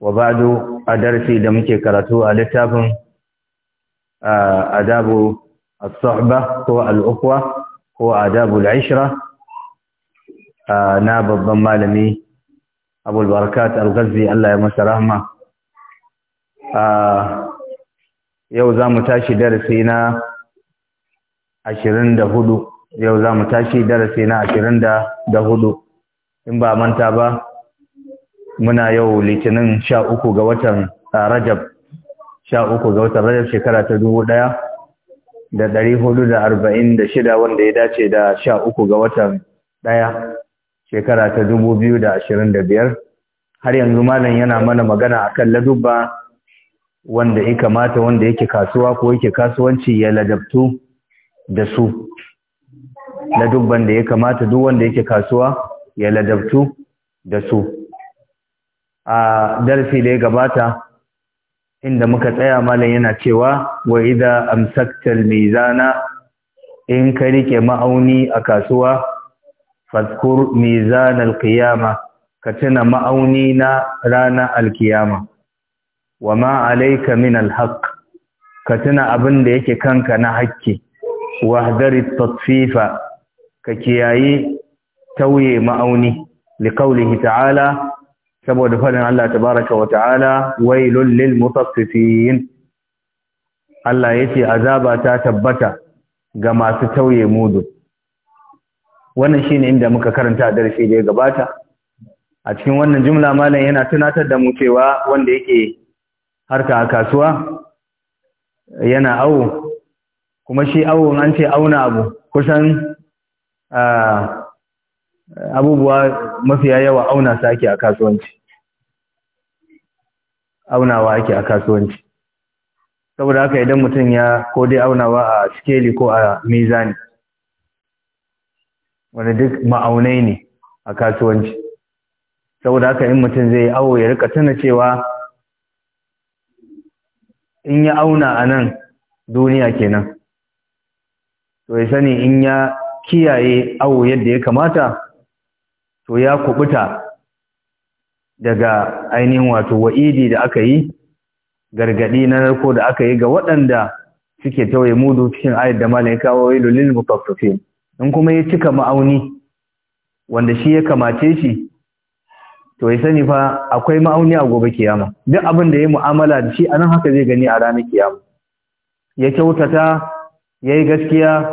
wa ba'du a darasi da muke karatu a littafin adabu as-suhba ko al-ukwa ko adabu al-ishra na babban malami Abu al-Barakat al Allah ya masa rahma yau mu tashi darasi na 24 yau zamu tashi darasi na 24 in ba manta ba muna yau litinin sha uku ga watan rajab sha uku ga watan rajab shekara ta dubu ɗaya da ɗari hudu da arba'in da shida wanda ya dace da sha uku ga watan ɗaya shekara ta dubu biyu da ashirin da biyar har yanzu malam yana mana magana a kan ladubba wanda ya kamata wanda yake kasuwa ko yake kasuwanci ya ladabtu da su ladubban da ya kamata duk wanda yake kasuwa ya ladabtu da su a darsi da ya gabata inda muka tsaya malam yana cewa wa idza amsakta mizana in ka rike ma'auni a kasuwa Faskur, mizan alqiyama ka tuna ma'auni na rana alqiyama wa ma alayka min alhaq? ka tuna abin da yake kanka na hakki hadari tatfifa ka kiyayi tauye ma'auni liqaulihi ta'ala saboda faɗin Allah tabaraka wa ta'ala wailul lil mutaffifin Allah ya ce azaba ta tabbata ga masu tauye mudu wannan shi ne inda muka karanta a darshe da ya gabata a cikin wannan jumla malam yana tunatar da mu cewa wanda yake harka a kasuwa yana awo kuma shi awo an ce auna abu kusan a ah, abubuwa mafiya yawa auna sa ake a kasuwanci aunawa ake a kasuwanci saboda haka idan mutum ya ko dai aunawa a skeli ko a mizani wani duk ma'aunai ne a kasuwanci saboda haka in mutum zai yi awo ya rika tana cewa in ya auna a nan duniya kenan to ya sani in ya kiyaye awo yadda ya kamata to ya kubuta daga ainihin wato wa'idi da aka yi gargadi na narko da aka yi ga waɗanda suke tawaye mudu cikin ayat da ya kawo wailu lil mutaffifin in kuma ya cika ma'auni wanda shi ya kamace shi to ya sani fa akwai ma'auni a gobe kiyama duk abin da ya mu'amala da shi anan haka zai gani a ranar kiyama ya kyautata ya yi gaskiya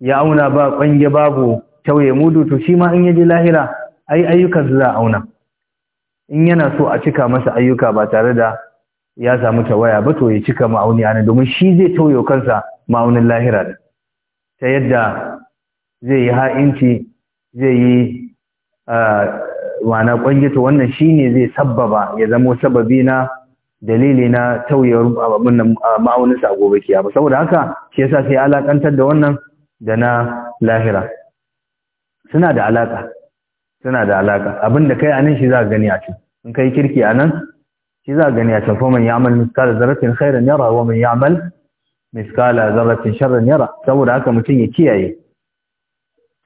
ya auna ba kwange babu tauye mudu to shi ma in ya je lahira ai ayyukan su za a auna in yana so a cika masa ayyuka ba tare da ya samu tawaya ba to ya cika ma'auni ana domin shi zai tauyo kansa ma'aunin lahira da ta yadda zai yi ha'inci zai yi wana kwangito wannan shi ne zai sabbaba ya zamo sababi na dalili na tauye ma'auninsa sa gobe ba saboda haka shi yasa sai alakantar da wannan da na lahira suna da alaka suna da alaka abin da kai a nan shi za a gani a can in kai kirki a nan shi za a gani a can fa ya ya'mal miskala zarratin khairan yara wa man ya'mal miskala zarratin sharran yara saboda haka mutum ya kiyaye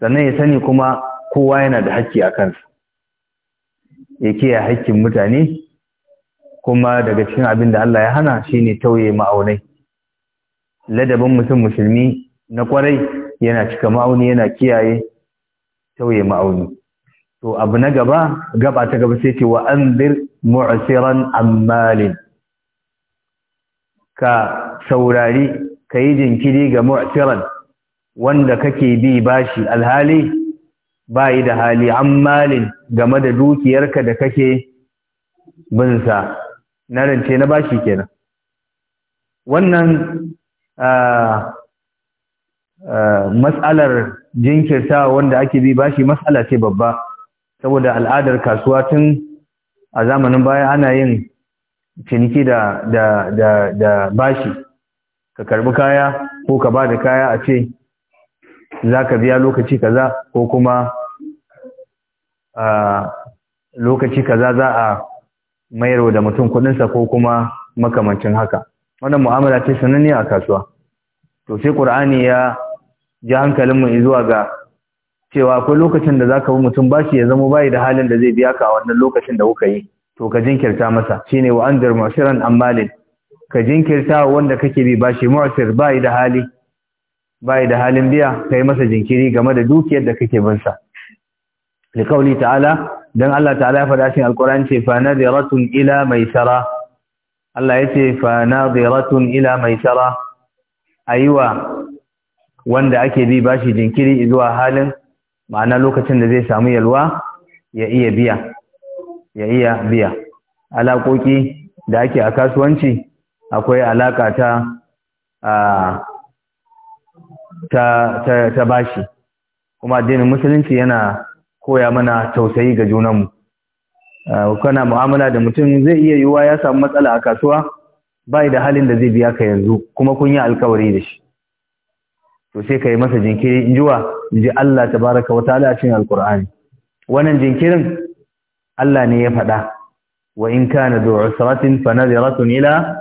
sannan ya sani kuma kowa yana da hakki a kansa ya kiyaye hakkin mutane kuma daga cikin abin da Allah ya hana shine tauye ma'aunai ladabin mutum musulmi na kwarai yana cika ma'auni yana kiyaye tauye ma'auni to abu na gaba gaba ta gaba sai ce wa anzir mu'siran ammalin ka saurari ka yi jinkiri ga mu'siran wanda kake bi bashi alhali bayi da hali ammalin game da dukiyarka da kake bin sa na rance na bashi kenan wannan matsalar jinkirta wanda ake bi bashi matsala ce babba saboda al'adar kasuwa tun a zamanin baya ana yin ciniki da da da da bashi ka karbi kaya ko ka bada kaya a ce za ka biya lokaci kaza ko kuma a lokaci kaza za a mayar da mutum kudinsa ko kuma makamancin haka wannan mu'amala ce sananne a kasuwa to sai qur'ani ya ji hankalinmu zuwa ga cewa akwai lokacin da zaka bi mutum bashi ya zama bayi da halin da zai biya ka a wannan lokacin da kuka yi to ka jinkirta masa shine wa andar mu'siran ammalin ka jinkirta wanda kake bi bashi mu'sir bayi da hali bayi da halin biya kai masa jinkiri game da dukiyar da kake bin sa liqauli ta'ala dan Allah ta'ala ya faɗa cikin alqur'ani ce fa nadiratun ila maisara Allah yace fa nadiratun ila maisara aiwa wanda ake bi bashi jinkiri zuwa halin ma'ana lokacin da zai samu yalwa ya iya biya ya iya biya alaƙoƙi da ake a kasuwanci akwai alaƙa ta ta bashi kuma addinin musulunci yana koya mana tausayi ga junanmu kana mu'amala da mutum zai iya yiwuwa ya samu matsala a kasuwa bai da halin da zai biya ka yanzu kuma kun yi alkawari da shi to sai ka yi masa jinkiri in jiwa in ji Allah ta wa ta'ala a cikin alqur'ani wannan jinkirin Allah ne ya faɗa wa in kana du usratin fa nadhiratun ila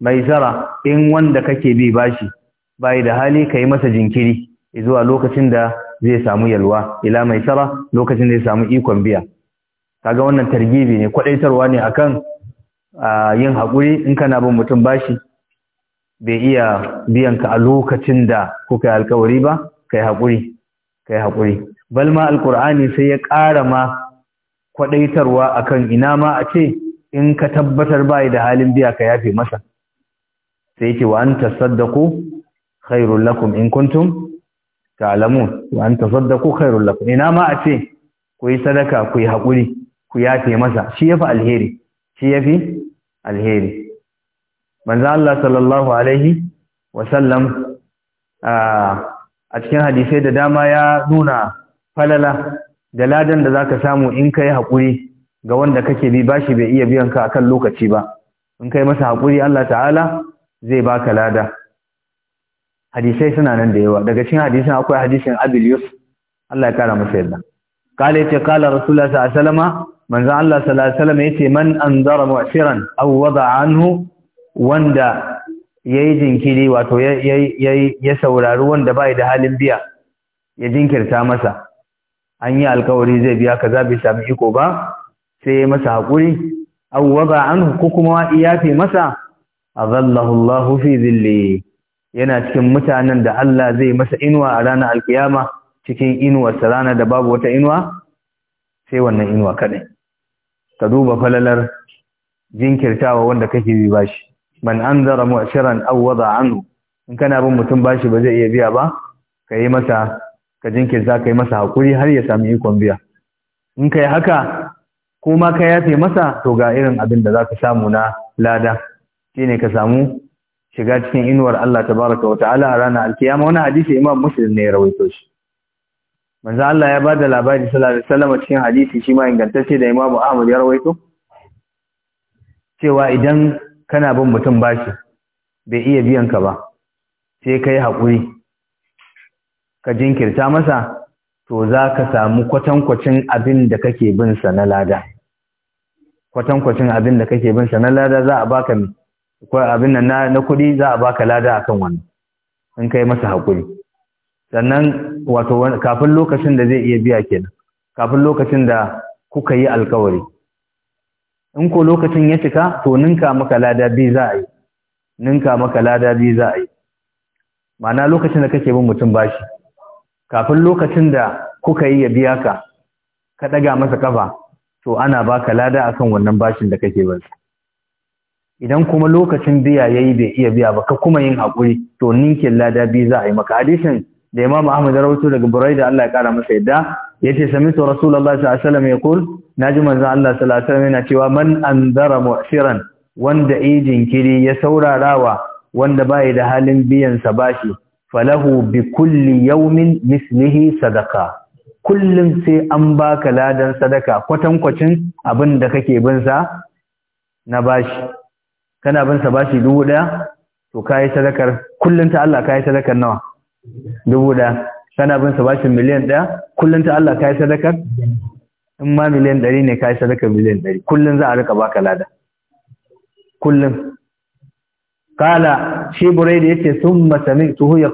maisara in wanda kake bi bashi bai da hali ka yi masa jinkiri zuwa lokacin da zai samu yalwa ila maisara lokacin da zai samu ikon biya kaga wannan targibi ne kwadaitarwa ne akan yin hakuri in kana bin mutum bashi bai iya biyan ka a lokacin da kuka yi alkawari ba kai haƙuri kai haƙuri Balma ma sai ya ƙara ma kwadaitarwa akan ina ma a ce in ka tabbatar bai da halin biya ka yafe masa sai yake wa an tasaddaqu khairul lakum in kuntum ta'lamun wa an tasaddaqu khairul lakum ina ma a ce ku yi sadaka ku yi haƙuri ku yafe masa shi yafi alheri shi yafi alheri manzo Allah sallallahu alaihi wasallam a cikin hadisai da dama ya nuna falala da ladan da zaka samu in kai hakuri ga wanda kake bi bashi bai iya biyan ka akan lokaci ba in kai masa hakuri Allah ta'ala zai baka lada hadisai suna nan da yawa daga cikin hadisin akwai hadisin Abi Yus Allah ya kara masa yarda kale yace kala rasulullah sallallahu alaihi wasallama manzo Allah sallallahu alaihi wasallam yace man anzara mu'siran aw wada'a anhu wanda ya yi jinkiri wato ya saurari wanda ba da halin biya ya jinkirta masa an yi alkawari zai biya ka za bai sami iko ba sai ya masa haƙuri awwaba ba an kuma yafe fi masa a zallahullahu fi zille. yana cikin mutanen da Allah zai masa inuwa a ranar alkiyama cikin inuwarsa ranar da babu wata inuwa sai wannan inuwa kaɗai? ka duba falalar jinkirtawa wanda kake bi bashi man anzara mu'shiran aw wada anhu in kana bin mutum bashi ba zai iya biya ba ka yi masa ka jinkirta ka yi masa hakuri har ya sami ikon biya in kai haka ko ka yafe masa to ga irin abin da zaka samu na lada shine ka samu shiga cikin inuwar Allah tabaraka wa ta'ala a ranar alkiyama wani hadisi imam muslim ne ya rawaito shi manzo Allah ya bada labari sallallahu alaihi wasallam cikin hadisi shi ma ingantacce da imam Ahmad ya rawaito cewa idan kana bin mutum bashi bai iya biyan ka ba sai ka yi haƙuri ka jinkirta masa to za ka samu kwatankwacin abin da kake bin sa na lada kwatankwacin abin da kake bin sa na lada za a baka ko abin nan na kuɗi za a baka lada akan wannan in kai masa haƙuri sannan wato kafin lokacin da zai iya biya kenan kafin lokacin da kuka yi alkawari in ko lokacin ya cika to ninka maka lada biyu za a yi ninka maka lada biyu za a yi ma'ana lokacin da kake bin mutum bashi kafin lokacin da kuka yi ya biya ka ka daga masa kafa to ana baka lada akan wannan bashin da kake bin idan kuma lokacin biya yayi bai iya biya ba ka kuma yin haƙuri, to ninkin lada bi za a yi maka hadisin da imamu Ahmad ya daga Buraida Allah ya kara masa yadda yace samitu rasulullahi sallallahu alaihi wasallam yaqul naji manzo Allah sallallahu alaihi yana cewa man andara mu'siran wanda yi jinkiri ya saurarawa wanda bai da halin biyan sa bashi falahu bi kulli yawmin mislihi sadaqa kullum sai an baka ladan sadaka kwatankwacin abin da kake bin sa na bashi kana bin sa bashi dubu daya to kai sadakar kullun ta Allah kai sadakar nawa dubu daya kana bin sa bashin miliyan ɗaya kullum ta Allah ka yi sadakar in ma miliyan ɗari ne ka yi sadakar miliyan ɗari kullum za a rika baka lada kullum kala shi burai da yace sun masami tuhu ya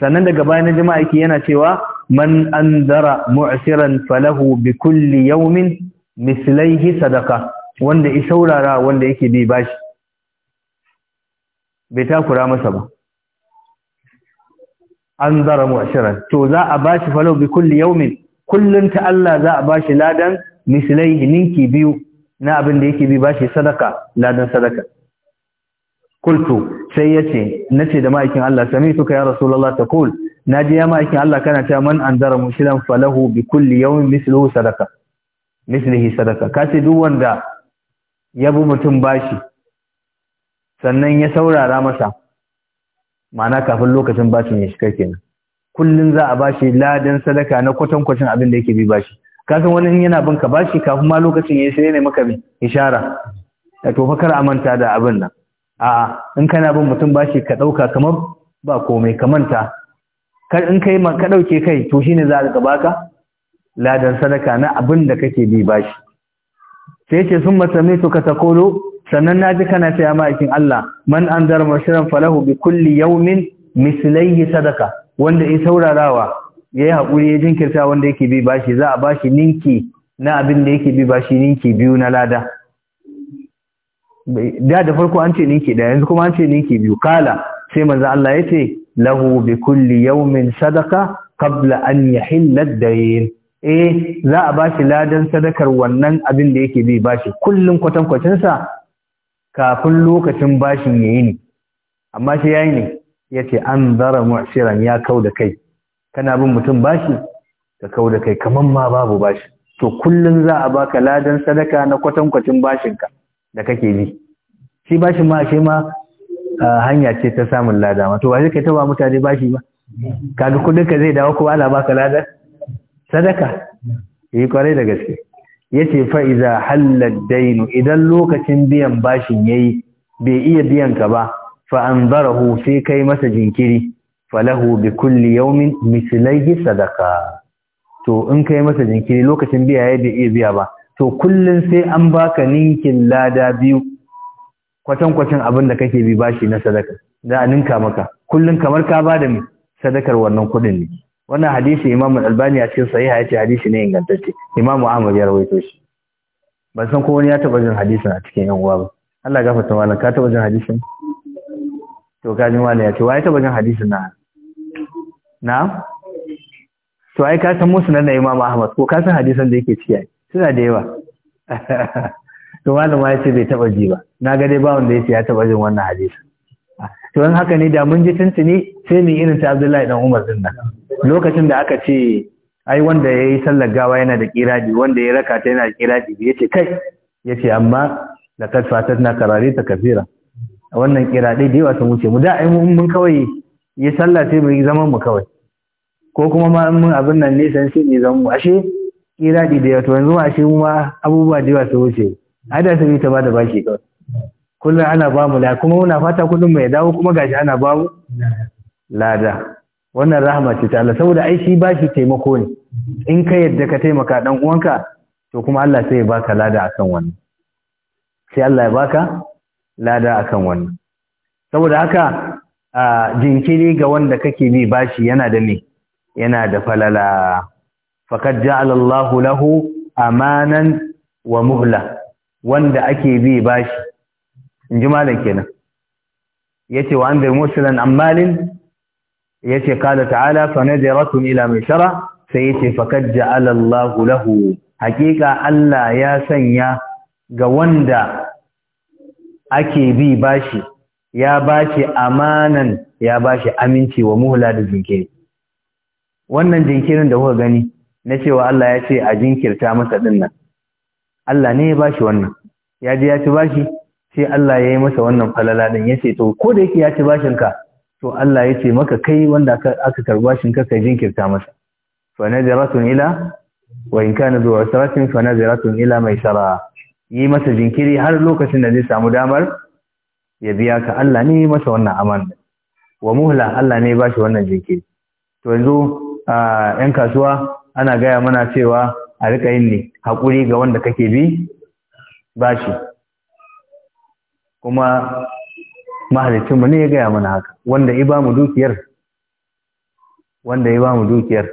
sannan daga bayan jama'a yake yana cewa man an zara mu'asiran falahu bi kulli yaumin mislaihi sadaka wanda isaurara wanda yake bi bashi bai takura masa ba an zara mu'ashiran to za a bashi falau bi kulli yawmin kullun ta Allah za a bashi ladan mislaihi ninki biyu na abin da yake bi bashi sadaka ladan sadaka kultu sai yace nace da ma'aikin Allah sami suka ya rasulullah taqul naji ya ma'aikin Allah kana ta man an zara mu'ashiran falahu bi kulli yawmin mislu sadaka mislihi sadaka kace duk wanda ya bi mutum bashi sannan ya saurara masa ma'ana kafin lokacin bashin ya shiga kenan kullun za a bashi ladan sadaka na kwatankwacin abin da yake bi bashi kasan wani in yana bin ka bashi kafin ma lokacin ya sai ne maka mai ishara da to fakar amanta da abin nan a'a in kana bin mutum bashi ka dauka kamar ba komai ka manta kar in kai ma ka dauke kai to shine za ka baka ladan sadaka na abin da kake bi bashi sai ce sun matsame su ka sannan na ji kana cewa aikin Allah man an anzar mashran falahu bi kulli min misilai sadaka wanda ya saurarawa yayi hakuri ya jinkirta wanda yake bi bashi za a bashi ninki na abin da yake bi bashi ninki biyu na lada da da farko an ce ninki da yanzu kuma an ce ninki biyu kala sai manzo Allah ya ce lahu bi kulli min sadaka kabla an yahilla ad-dayn eh za a bashi ladan sadakar wannan abin da yake bi bashi kullum kwatankwacin sa kafin lokacin bashin ya yi ne amma shi yi ne ce an zara mu'siran ya da kai kana bin mutum bashi ka da kai kamar ma babu bashi to kullum za a baka ladan sadaka na kwatankwacin bashinka da kake bi shi bashin ma shi ma hanya ce ta samun lada ma to ba shi kai taba mutane bashi ba kaga kudin ka zai dawo ko ala baka Ladan sadaka yi kwarai da gaske yace fa iza halal dainu idan lokacin biyan bashin yayi bai iya biyan ka ba fa zarahu sai kai masa jinkiri falahu bi kulli yawmin mislaihi sadaqa to in kai masa jinkiri lokacin biya yayi bai iya biya ba to kullun sai an baka ninkin lada biyu kwatan kwatan abin da kake bi bashi na sadaka za a ninka maka kullun kamar ka bada sadakar wannan kudin ne wannan hadisi imam al-albani a cikin sahiha yace hadisi ne ingantacce imam ahmad ya rawaito shi ban san ko wani ya taba jin hadisin a cikin yan uwa ba Allah ya gafarta malam ka taba jin hadisin to ka ji malam yace wai taba jin hadisin na na to ai ka san musu na imam ahmad ko ka san hadisin da yake ciki suna da yawa to malam ya ce bai taba ji ba na ga dai ba wanda yace ya taba jin wannan hadisin to haka ne da mun ji tuntuni sai mu irin ta Abdullahi dan Umar din nan lokacin da aka ce ai wanda yi sallar gawa yana da kiradi wanda ya raka ta yana da kiradi yace kai yace amma laqad fatatna ta kaseera wannan kiradai da yawa sun wuce mu da ai mun kawai yi sallah sai mu yi zaman mu kawai ko kuma ma mun abin nan ne san shi ne zaman mu ashe kiradi da yawa to yanzu ashe mu ma abubuwa da yawa sun wuce ada sai ta da bashi kawai kullum ana ba mu lada kuma muna fata kullum mai dawo kuma gashi ana ba mu lada wannan rahama ce ta Allah saboda ai shi ba shi taimako ne in ka yadda ka taimaka dan uwanka to kuma Allah sai ya baka lada akan wannan sai Allah ya baka lada akan wannan saboda haka jinkiri ga wanda kake bi bashi yana da me yana da falala faqad ja'ala Allahu lahu amanan wa muhla wanda ake bi bashi in ji malam kenan yace wa anzir musalan ammalin yace qala ta'ala fa nadiratun ila mai shara sai yace fakad ja'ala Allahu lahu hakika Allah ya sanya ga wanda ake bi bashi ya bashi amanan ya bashi aminci wa muhla da jinkiri wannan jinkirin da kuka gani na cewa Allah ya ce a jinkirta masa dinnan Allah ne ya bashi wannan ya je ya ci bashi sai Allah ya yi masa wannan falala Ya ce to ko da yake ya ci bashin ka to Allah ya ce maka kai wanda aka karba bashin ka kai jinkirta masa fa nazaratun ila wa in kana zuwa saratin fa nazaratun ila maisara yi masa jinkiri har lokacin da zai samu damar ya biya ka Allah ne yi masa wannan aman wa muhla Allah ne ba shi wannan jinkiri to yanzu a yan kasuwa ana gaya mana cewa a riƙa yin ne haƙuri ga wanda kake bi bashi kuma mahalicinmu ne ya gaya mana haka wanda ya ba mu dukiyar wanda ya ba mu dukiyar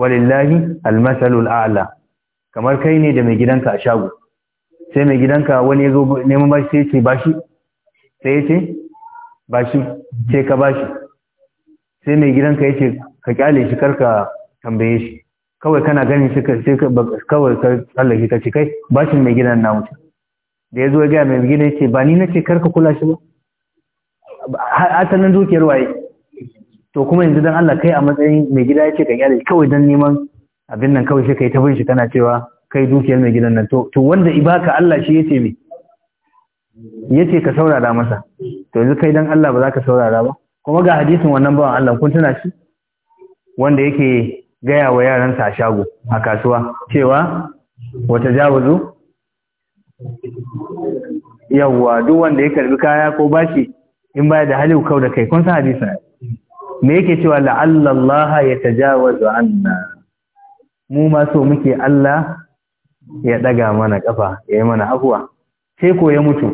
walillahi almasalul a'la kamar kai ne da mai gidanka a shago sai mai gidanka wani ya zo neman bashi sai ce bashi sai ya ce bashi ce ka bashi sai mai gidanka ya ce ka kyale shi karka tambaye shi kawai kana ganin shi kawai ka tsallake ka ce kai bashin mai gidan na mutum da ya zo ya gaya mai gida ya ce ba ni na ce karka kula shi ba asalin dukiyar waye to kuma yanzu don Allah kai a matsayin mai gida ya ce ka gyara kawai don neman abin nan kawai sai yi ta bin shi kana cewa kai dukiyar mai gidan nan to wanda ibaka Allah shi ya ce mai ya ce ka saurara masa to yanzu kai don Allah ba za ka saurara ba kuma ga hadisin wannan bawan Allah kun tuna shi wanda yake gaya wa yaransa a shago a kasuwa cewa wata jawazu yawwa duk wanda ya karbi kaya ko bashi in baya da hali kau da kai kun san me yake cewa la'alla Allah ya tajawazu anna mu ma so muke Allah ya daga mana kafa ya yi mana afwa sai ko ya mutu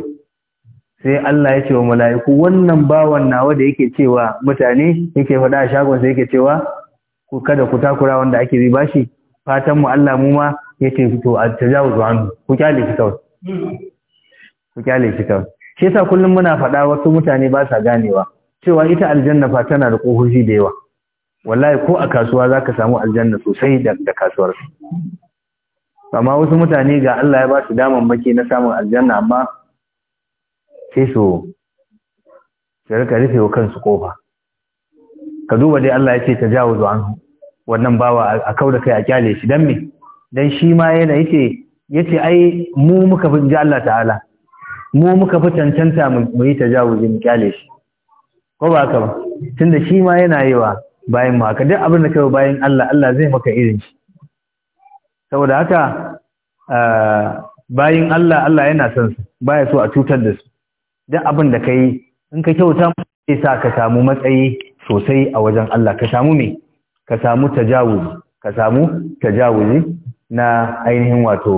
sai Allah ya ce wa mala'iku wannan bawan nawa da yake cewa mutane yake faɗa a shagon sai yake cewa ku kada ku takura wanda ake bi bashi fatan mu Allah mu ma yake fito a tajawuzu anhu ku kyale shi kawai ku kyale shi kan shi yasa kullum muna faɗa wasu mutane ba sa ganewa cewa ita aljanna fa tana da kohohi da yawa wallahi ko a kasuwa za ka samu aljanna sosai da da kasuwar amma wasu mutane ga Allah ya ba su daman maki na samun aljanna amma sai su su rika rufe wa kansu kofa ka duba dai Allah ya ce ta jawo zuwa wannan bawa a kauda kai a kyale shi dan me dan shi ma yana yake yace ai mu muka fi ji Allah ta'ala mu muka fi cancanta mu yi tajawuzi mu kyale shi ko ba haka ba tunda shi ma yana yi wa bayan mu haka duk abin da kai bayan Allah Allah zai maka irin shi saboda haka bayan Allah Allah yana son su baya so a cutar da su duk abin da kai in ka kyauta sai sa ka samu matsayi sosai a wajen Allah ka samu me ka samu tajawuzi ka samu tajawuzi na ainihin wato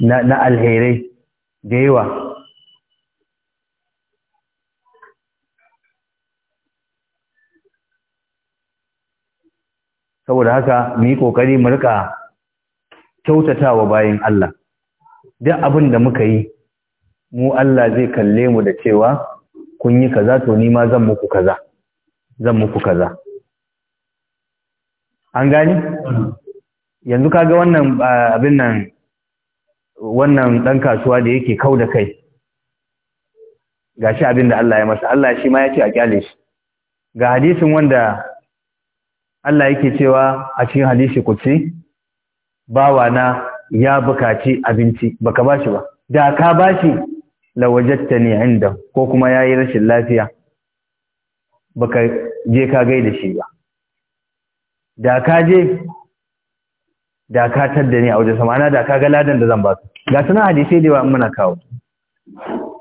na alherai da yawa saboda haka mu yi ƙoƙari mu rika kyautatawa bayan Allah duk abin da muka yi mu Allah zai kalle mu da cewa kun yi kaza to ni ma zan muku kaza zan muku kaza an gani yanzu kaga wannan abin nan wannan dan kasuwa da yake kau da kai gashi abin da Allah ya masa Allah shi ma ya ce a kyale shi ga hadisin wanda Allah yake cewa a cikin hadisi kutsi bawa na ya bukaci abinci baka bashi ba da ka bashi lawajattani inda ko kuma yayi rashin lafiya baka je ka gaida shi ba da ka je da ka tadda ni a wajen samana da ka ga ladan da zan ba su ga sunan hadisi da yawa muna kawo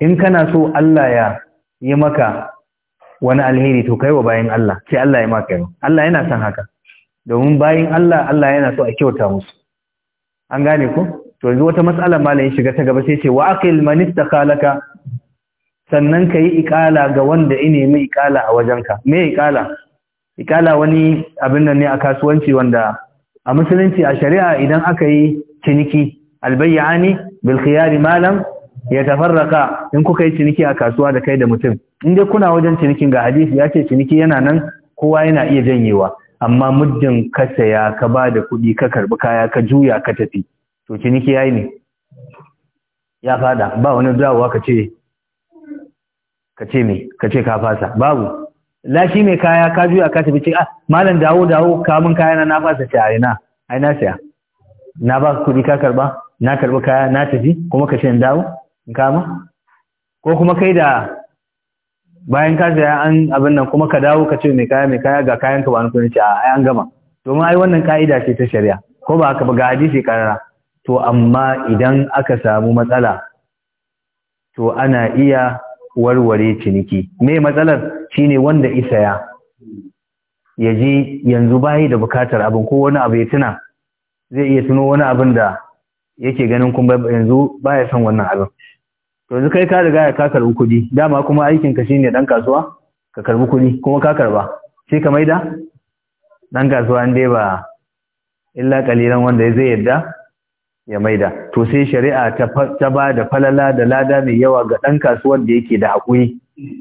in kana so Allah ya yi maka wani alheri to kai wa bayin Allah sai Allah ya maka yi Allah yana son haka domin bayin Allah Allah yana so a kyauta musu an gane ko to yanzu wata mas'ala malamin shiga ta gaba sai ce wa aqil man istakalaka sannan ka yi ikala ga wanda ine mai ikala a wajenka mai ikala ikala wani abin nan ne a kasuwanci wanda a musulunci a shari'a idan aka yi ciniki albayyani bil khiyari malam ya tafarraka in kuka yi ciniki a kasuwa da kai da mutum in dai kuna wajen cinikin ga hadisi ya ce ciniki yana nan kowa yana iya janyewa amma muddin ka saya ka ba da kuɗi ka karbi kaya ka juya ka tafi to ciniki yayi ne ya fada ba wani dawowa ka ce ka ce me ka ce ka fasa babu lashi mai kaya ka juya ka tafi ce ah malam dawo dawo ka mun kaya na fasa ce a ina ai na siya na ba kuɗi ka karba na karba kaya na tafi kuma ka ce dawo in kama ko kuma kai da bayan ka siya an abin nan kuma ka dawo ka ce mai kaya mai kaya ga kayan ka ba ni kuɗi ce a ai an gama domin ai wannan ka'ida ce ta shari'a ko ba ka ba ga hadisi karara to amma idan aka samu matsala to ana iya warware ciniki me matsalar shine wanda isa ya ji yanzu bayi da bukatar abin ko wani abu ya tuna zai iya tuno wani abin da yake ganin kuma yanzu baya son wannan abin to yanzu kai ka riga ka karbi kuɗi dama kuma aikin ka shine dan kasuwa ka karbi kuɗi kuma ka karba sai ka maida dan kasuwa in dai ba illa kaliran wanda zai yadda ya maida to sai shari'a ta ba da falala da lada mai yawa ga ɗan kasuwar da yake da haƙuri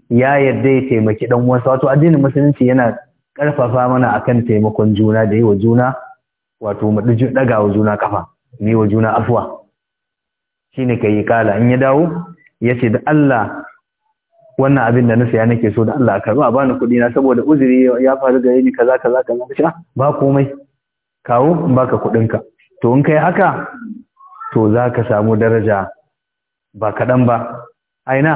ya yarda ya taimaki ɗan wasu wato addinin musulunci yana ƙarfafa mana akan taimakon juna da yi wa juna wato mu ɗaga wa juna kafa mu wa juna afuwa shine ka yi kala in ya dawo ya ce da Allah wannan abin da na saya nake so da Allah a a bani kuɗi na saboda uzuri ya faru gare ni kaza kaza kaza ba komai kawo in baka kuɗinka to in kai haka to za ka samu daraja ba kaɗan ba aina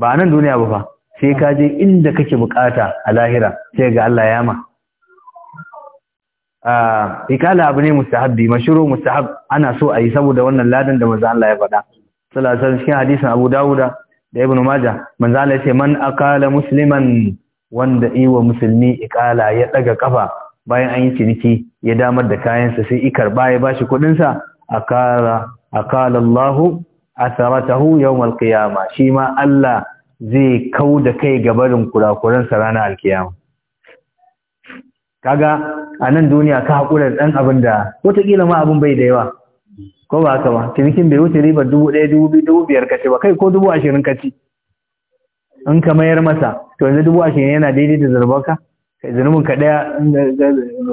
ba nan duniya ba fa sai ka je inda kake bukata a lahira sai ga Allah ya ma ikala abu ne mustahabbi mashuru mustahab ana so a yi saboda wannan ladan da maza Allah ya faɗa sallallahu cikin hadisin Abu Dawuda da Ibn Majah maza Allah ya ce man akala musliman wanda wa musulmi ikala ya ɗaga kafa bayan an yi ciniki ya damar da kayansa sai ikar baya ba shi kuɗinsa. akala akala Allah asaratahu yawm al-qiyama shi ma Allah zai kau da kai gabarin kurakuran sa ranar al-qiyama kaga a nan duniya ka hakura da dan abin da wataƙila ma abin bai da yawa ko ba haka ba cinikin bai wuce ribar dubu ɗaya dubu biyu dubu biyar kace ba kai ko dubu ashirin kace in ka mayar masa to yanzu dubu ashirin yana daidai da zarbarka zunubin ka ɗaya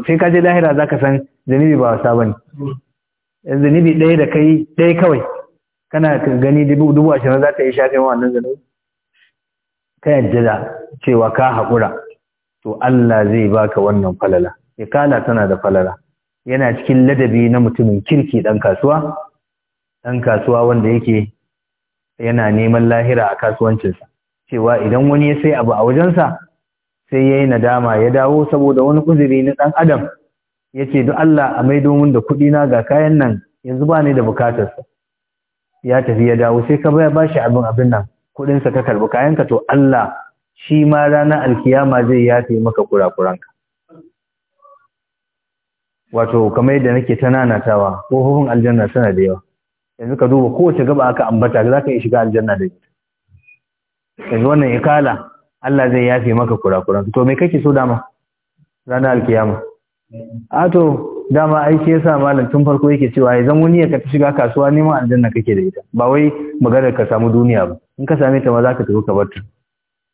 sai ka je lahira za ka san zunubi ba wasa ba ne zunubi ɗaya da kai ɗaya kawai kana gani dubu ashirin za ta yi shafin wannan zunubi ka yadda da cewa ka haƙura to Allah zai baka wannan falala ya ikala tana da falala yana cikin ladabi na mutumin kirki ɗan kasuwa ɗan kasuwa wanda yake yana neman lahira a kasuwancinsa cewa idan wani ya sai abu a wajensa sai ya yi nadama ya dawo saboda wani uzuri na ɗan adam ya ce duk Allah a mai domin da kuɗi na ga kayan nan yanzu ba ni da bukatarsa ya tafi ya dawo sai ka baya bashi abin abin nan kuɗinsa ka karɓi kayanka to Allah shi ma ranar alkiyama zai yafe maka kurakuranka wato kamar yadda nake ta nanatawa ƙofofin aljanna suna da yawa yanzu ka duba kowace gaba aka ambata za ka iya shiga aljanna da ita yanzu wannan ikala Allah zai yafe maka kurakuranka to me kake so dama ranar alkiyama ato dama dama aiki yasa malam tun farko yake cewa ya Zan wani ka ta shiga kasuwa neman aljanna kake da ita ba wai maganar ka samu duniya ba in ka same ta ma za ka tafi ka bar ta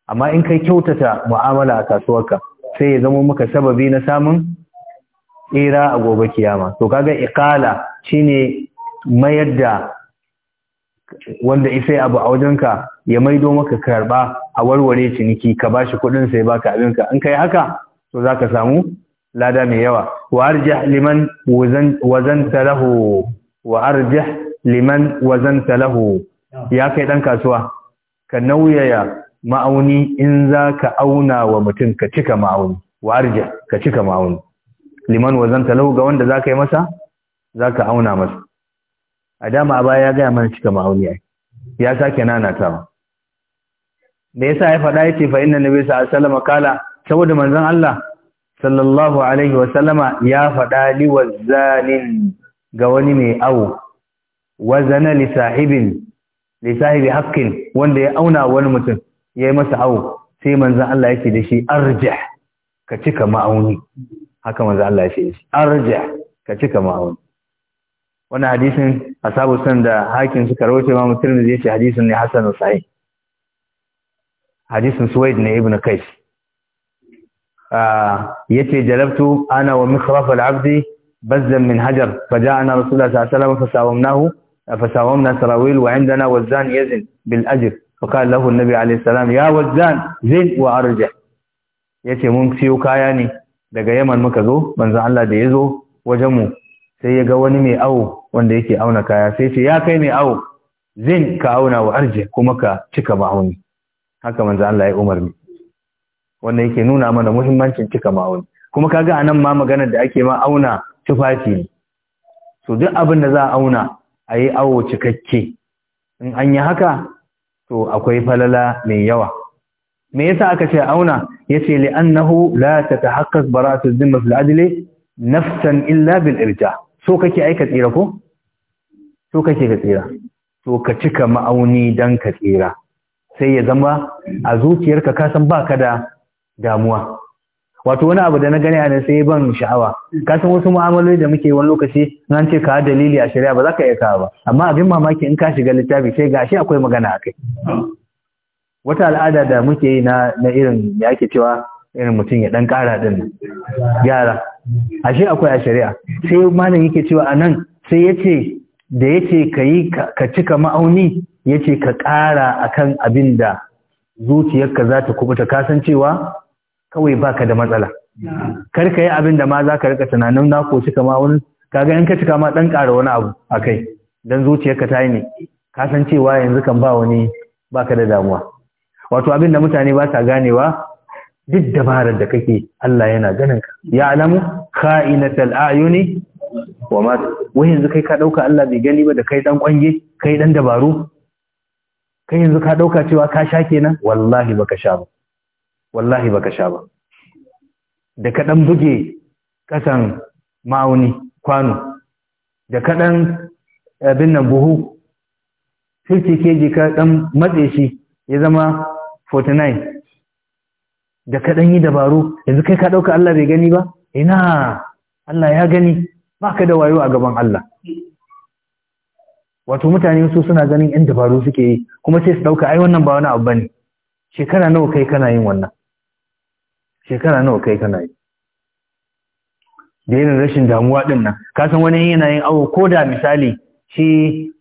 amma in kai kyautata mu'amala a kasuwarka sai ya zama maka sababi na samun tsira a gobe kiyama to kaga iqala shine mayar da wanda isai abu a wajen ka ya maido maka karba a warware ciniki ka bashi kudin sai baka abinka in kai haka to zaka samu lada mai yawa wa arjih liman wazanta lahu wa liman wazanta lahu ya kai dan kasuwa ka nauyaya ma'auni in za ka auna wa mutum ka cika ma'auni wa arjih ka cika ma'auni liman wazanta lahu ga wanda za ka yi masa za ka auna masa a dama a baya ya gaya mana cika ma'auni ya sake nanatawa me yasa ya faɗa yace fa inna nabi sallallahu alaihi wasallam kala saboda manzon Allah sallallahu alaihi wasallama ya faɗa liwazzanin ga wani mai awo wazana lisahibin lisahibi haqqin wanda ya auna wani mutum ya yi masa awo sai manzan Allah ya yake da shi arjah ka cika ma'auni haka manzan Allah ya yake da shi arjah ka cika ma'auni Wani hadisin a san da hakin suka rawaito Imam Tirmidhi ce hadisin ne hasan sahih hadisin Suwaid ne Ibn Qais yace jalabtu ana wa mikhraf al-abdi bazzan min hajar faja'ana rasulullah sallallahu alaihi wasallam fasawamnahu fasawamna sarawil wa indana wazan yazin bil ajr فقال له النبي عليه السلام يا وزان زين وارجع yace mun siyo kaya ne daga Yaman muka zo manzon Allah da yazo wajen mu sai ya ga wani mai awo wanda yake auna kaya sai ce ya kai mai awo zin ka auna wa arje kuma ka cika ma'auni haka manzon Allah ya umarni wannan yake nuna mana muhimmancin cika ma'auni kuma kaga anan ma maganar da ake ma auna tufafi ne so duk abin da za a auna a yi awo cikakke in an yi haka to akwai falala mai yawa me yasa aka ce auna yace li annahu la tatahaqqaq bara'atu dhimma fil adli nafsan illa bil irja so kake aika tsira ko so kake ka tsira to ka cika ma'auni dan ka tsira sai ya zama a zuciyarka ka san baka da damuwa wato wani abu da na gani a nan sai ban sha'awa ka san wasu mu'amaloli da muke wani lokaci na ce ka dalili a shari'a ba za ka iya kawo ba amma abin mamaki in ka shiga littafi sai ga shi akwai magana a kai wata al'ada da muke yi na irin ya ake cewa irin mutum ya dan kara din yara ashe akwai a shari'a sai malam yake cewa a nan sai ya da yace ce ka yi ka cika ma'auni yace ce ka ƙara akan abin da zuciyarka za ta kubuta kasancewa kawai baka da matsala kar ka yi abin da ma za ka rika tunanin na ko cika ma wani kaga in ka cika ma ɗan ƙara wani abu a kai dan zuciyarka ta yi ne ka san cewa yanzu kan ba wani baka da damuwa wato abin da mutane ba sa ganewa duk dabarar da kake Allah yana ganin ka ya alamu kha'inatal ayuni wa ma wai yanzu kai ka dauka Allah bai gani ba da kai dan kwange kai dan dabaru kai yanzu ka dauka cewa ka sha kenan wallahi ba ka sha ba wallahi baka sha ba da kaɗan buge ƙasan ma'auni kwano da kaɗan abin nan buhu 50 kg ka ɗan matse shi ya zama 49 da kaɗan yi dabaru yanzu kai ka ɗauka Allah bai gani ba ina Allah ya gani ba ka da wayo a gaban Allah wato mutane su suna ganin yan dabaru suke yi kuma sai su ɗauka ai wannan ba wani abu ba ne. shekara nawa kai kana yin wannan shekara nawa kai kana yi da rashin damuwa din nan kasan wani yana yin awo ko da misali shi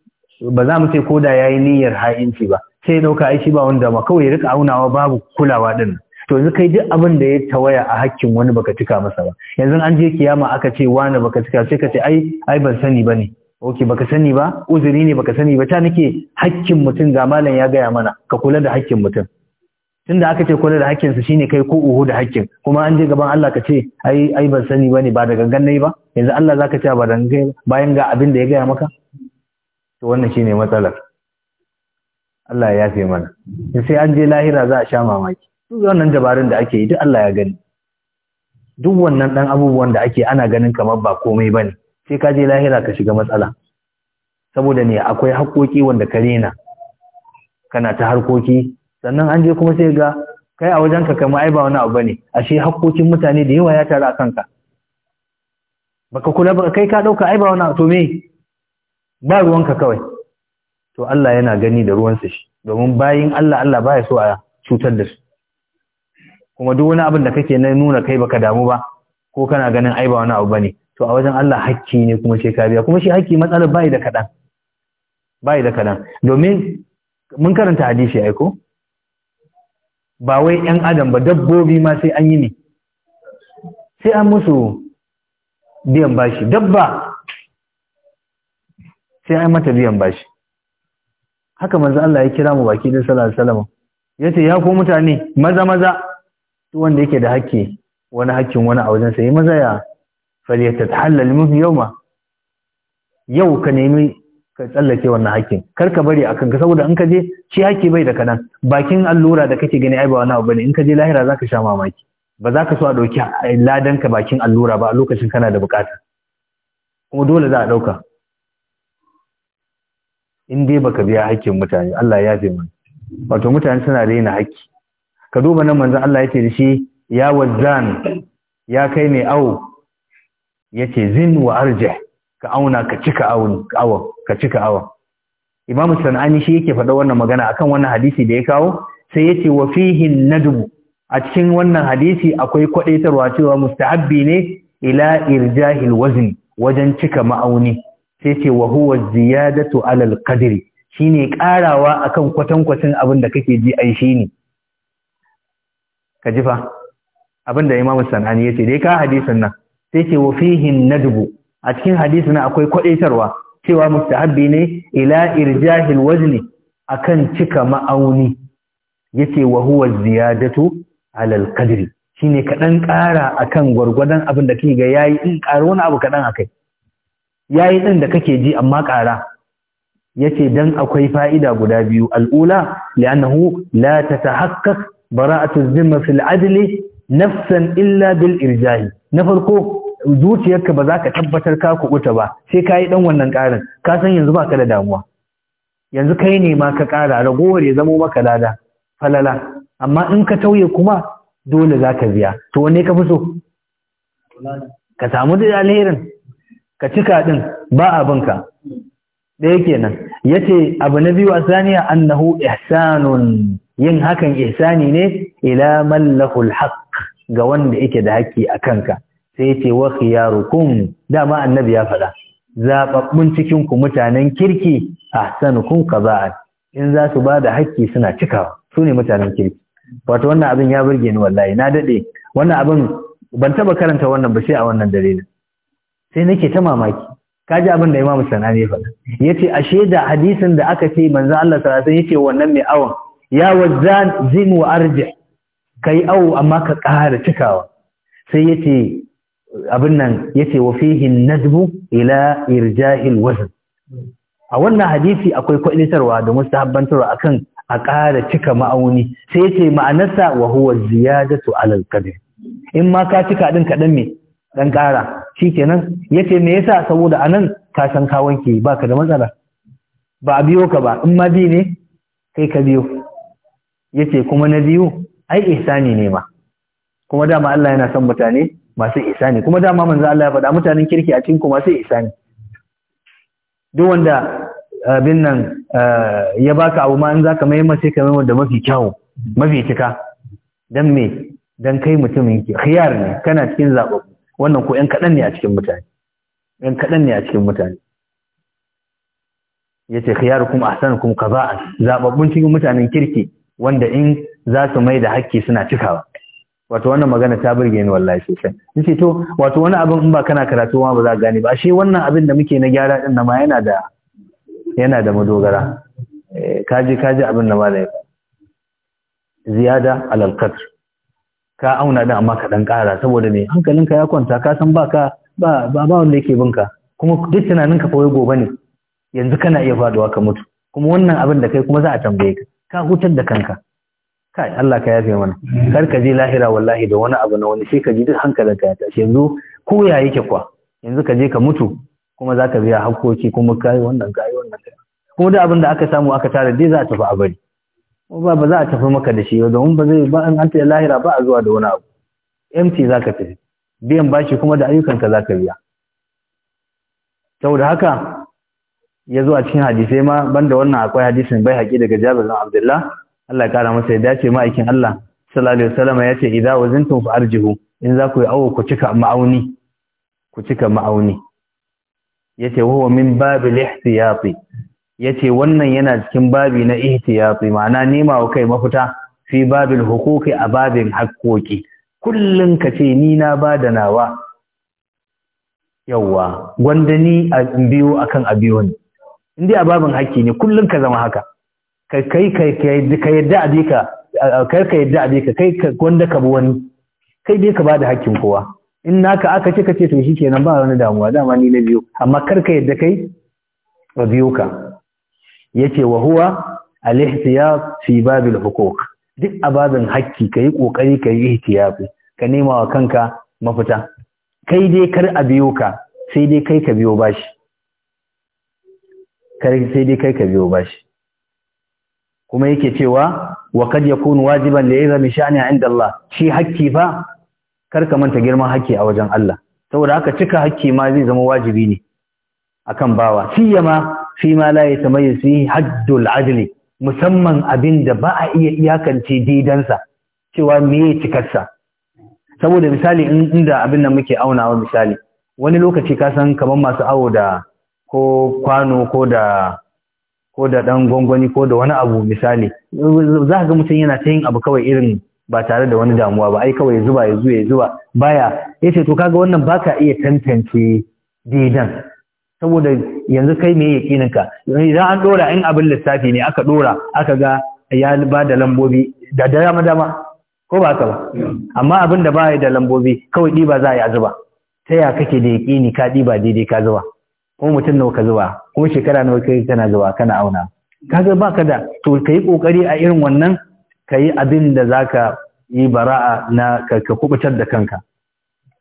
ba za mu ce ko da ya yi niyyar ha'inci ba sai ɗauka ai shi ba wanda ma kawai ya rika aunawa babu kulawa din to yanzu kai duk abin da ya tawaya a hakkin wani baka cika masa ba yanzu an je kiyama aka ce wani baka cika sai ka ce ai ai ban sani ba ne ok baka sani ba uzuri ne baka sani ba ta nake hakkin mutum ga malam ya gaya mana ka kula da hakkin mutum tunda aka ce kula da hakkinsa shine kai ko uhu da hakkin kuma an je gaban Allah ka ce ai ai ban sani bane ba da gangan nayi ba yanzu Allah zaka ce ba da gangan bayan ga abin da ya gaya maka to wannan shine matsalar Allah ya yafe mana sai an je lahira za a sha mamaki duk wannan dabarun da ake yi duk Allah ya gani duk wannan dan abubuwan da ake ana ganin kamar ba komai bane sai ka je lahira ka shiga matsala saboda ne akwai haƙoƙi wanda ka rena kana ta harkoki sannan an je kuma sai ga kai a wajen ka kama ai ba wani abu bane ashe hakkokin mutane da yawa ya tare a kanka baka kula ba kai ka dauka ai ba wani to me ba ruwanka kawai to Allah yana gani da ruwansa shi domin bayin Allah Allah baya so a cutar da su kuma duk wani abin da kake na nuna kai baka damu ba ko kana ganin ai ba wani abu bane to a wajen Allah hakki ne kuma sai ka biya kuma shi hakki matsalar bai da kadan bai da kadan domin mun karanta hadisi ai ko ba wai ‘yan adam ba dabbobi ma sai an yi ne sai an musu biyan bashi dabba sai an mata biyan bashi haka manzo Allah ya kira mu baki din sallallahu alaihi wasallam yace ya ko mutane maza maza wanda yake da hakki wani hakkin wani a wajen sa, yi maza ya falyatathallal min yawma yau ka nemi ka tsallake wannan hakkin kar ka bari akan ka saboda in ka je shi hakki bai da kadan bakin allura da kake gani ai ba wani abu bane in ka je lahira zaka sha mamaki ba za ka so a dauki ladan ka bakin allura ba a lokacin kana da bukata kuma dole za a ɗauka. in dai baka biya hakkin mutane Allah ya yafe mana wato mutane suna daina hakki ka duba nan manzon Allah yace da shi ya wazzan ya kai ne au yace zin wa arjih ka auna ka cika awon ka cika awon imam sanani shi yake faɗa wannan magana akan wannan hadisi da ya kawo sai yace wa fihi nadbu a cikin wannan hadisi akwai kwadaitarwa cewa mustahabbi ne ila irjahi alwazn wajen cika ma'auni sai ce wa huwa ziyadatu ala alqadri shine karawa akan kwatan kwatin abin da kake ji ai shine ka ji fa abin da imamu sana'ani yace dai ka hadisin nan sai yace wa fihi nadbu a cikin hadisuna akwai kwadaitarwa cewa mustahabbi ne ila irjahil wajni akan cika ma'auni yace wa huwa ziyadatu ala alqadri shine kaɗan dan ƙara akan gwargwadon abin da kike ga yayi in ƙara wani abu kadan akai yayi din da kake ji amma ƙara yace dan akwai fa'ida guda biyu al'ula li'annahu la tatahaqqaq bara'atu dhimma fil adli nafsan illa bil irjahi na farko zuciyarka ba za ka tabbatar ka kubuta ba sai ka yi ɗan wannan ƙarin ka san yanzu ba ka da damuwa yanzu kai ne ma ka ƙara ragowar ya zamo maka lada falala amma in ka tauye kuma dole za ka biya to wanne ka fi so ka samu da alherin ka cika ɗin ba abinka ɗaya kenan ya ce abu na biyu a saniya annahu ihsanun yin hakan ihsani ne ila mallakul haqq ga wanda yake da haƙƙi a kanka sai ce wa khiyarukum dama annabi ya faɗa zababbun cikin ku mutanen kirki ahsanukum qaza'an in za su bada hakki suna cikawa su ne mutanen kirki wato wannan abin ya burge ni wallahi na dade wannan abin ban taba karanta wannan ba sai a wannan dalilin sai nake ta mamaki kaji abin da Imam Sanani ya faɗa yace ashe da hadisin da aka ce manzo Allah sallallahu alaihi yace wannan mai awon ya wazan zin wa arji kai awo amma ka ƙara cikawa sai yace abin nan yace wa fihi nadbu ila irja'il wazn a wannan hadisi akwai kwalitarwa da mustahabbantarwa akan a ƙara cika ma'auni sai yace ma'anarsa wa huwa ziyadatu alal qadr in ma ka cika din kadan me dan ƙara shikenan yace me yasa saboda anan ka san ka wanke baka da matsala ba a biyo ka ba in ma bi ne kai ka biyo yace kuma na biyu ai ihsani ne ma kuma dama Allah yana son mutane masu Isa ne, kuma dama manzo Allah ya faɗa mutanen kirki a cikin ku masu ne. duk wanda abin nan eh, ya baka abu ma in zaka mai mace ka mai da mafi kyau mafi cika dan me dan kai mutumin ki khiyar ne kana cikin zababu wannan ko ɗan kadan ne a cikin mutane ɗan kadan ne a cikin mutane yace khiyarukum ahsanukum qaza'an zababbun cikin mutanen kirki wanda in za su mai da hakki suna cikawa wato wannan magana ta burge ni wallahi sosai nace to wato wani abin in ba kana karatu ma ba za ka gane ba ashe wannan abin da muke na gyara din na ma yana da yana da madogara eh, kaji kaji abin da malai ziyada alal qadr ka auna din amma ka dan kara saboda me hankalinka ya kwanta ka san baka ba ba wanda yake binka kuma duk tunanin ka kawai gobe ne yanzu kana iya faduwa ka mutu kuma wannan abin da kai kuma za a tambaye ka ka hutar da kanka kai Allah ka yafe mana kar ka je lahira wallahi da wani abu na wani sai ka ji duk hankalin ka ya tashi yanzu ko ya yake kwa yanzu ka je ka mutu kuma zaka biya hakkoki kuma kai wannan kai wannan Kuma da abin da aka samu aka tare dai za a tafi a bari ba ba za a tafi maka da shi ba domin ba zai ba an an lahira ba a zuwa da wani abu empty zaka tafi biyan bashi kuma da ayyukan ka zaka biya saboda haka ya zo a cikin hadisai ma banda wannan akwai hadisin bai haƙi daga Jabir bin Abdullah Allah ya kara masa ya dace ma'aikin Allah sallallahu alaihi wasallam ya ce idza wazantum fa arjihu in za ku yi awo ku cika ma'auni ku cika ma'auni yace huwa min babil ihtiyati yace wannan yana cikin babi na ihtiyati ma'ana nema wa kai mafita fi babil huquqi a babin haƙƙoƙi kullun kace ni na bada nawa yawa gwanda ni a biyo akan abiyon indai a babin haƙƙi ne kullun ka zama haka kai kai ka yadda a ka kai kai wanda ka bi wani kai dai ka bada hakkin kowa in naka aka ce ka ce to nan ba wani damuwa dama ni na biyo amma kar ka yadda kai a biyu ka ce wa huwa al-ihtiyat fi babil hukuk duk duk babin hakki kayi kokari kai ihtiyafi ka nema wa kanka mafita kai dai kar a biyo ka sai dai kai ka biyo bashi kar sai dai kai ka biyo bashi kuma yake cewa wa kad yakunu wajiban li yazmi sha'ni 'inda Allah shi hakki fa karka manta girman hakki a wajen Allah saboda haka cika hakki ma zai zama wajibi ne akan bawa siyama fi ma la yatamayyiz fihi haddul adli musamman abinda ba a iya iyakance didansa cewa meye cikarsa saboda misali inda abin nan muke aunawa misali wani lokaci ka san kamar masu awo da ko kwano ko da ko da ɗan gwangwani ko da wani abu misali za ka ga mutum yana ta yin abu kawai irin ba tare da wani damuwa ba ai kawai zuba ya zuba ya zuba baya ya ce to kaga wannan baka iya tantance daidan saboda yanzu kai me yakinin ka idan an dora in abin lissafi ne aka dora aka ga ya ba da lambobi da dama dama ko ba ka ba amma abin da ba da lambobi kawai ɗiba za a yi a zuba ta ya kake da yakini ka ɗiba daidai ka zuba kuma mutum nawa ka zuba kuma shekara nawa kai kana zuba kana auna kaga ka da to kai kokari a irin wannan kai abin da zaka yi bara'a na ka kubutar da kanka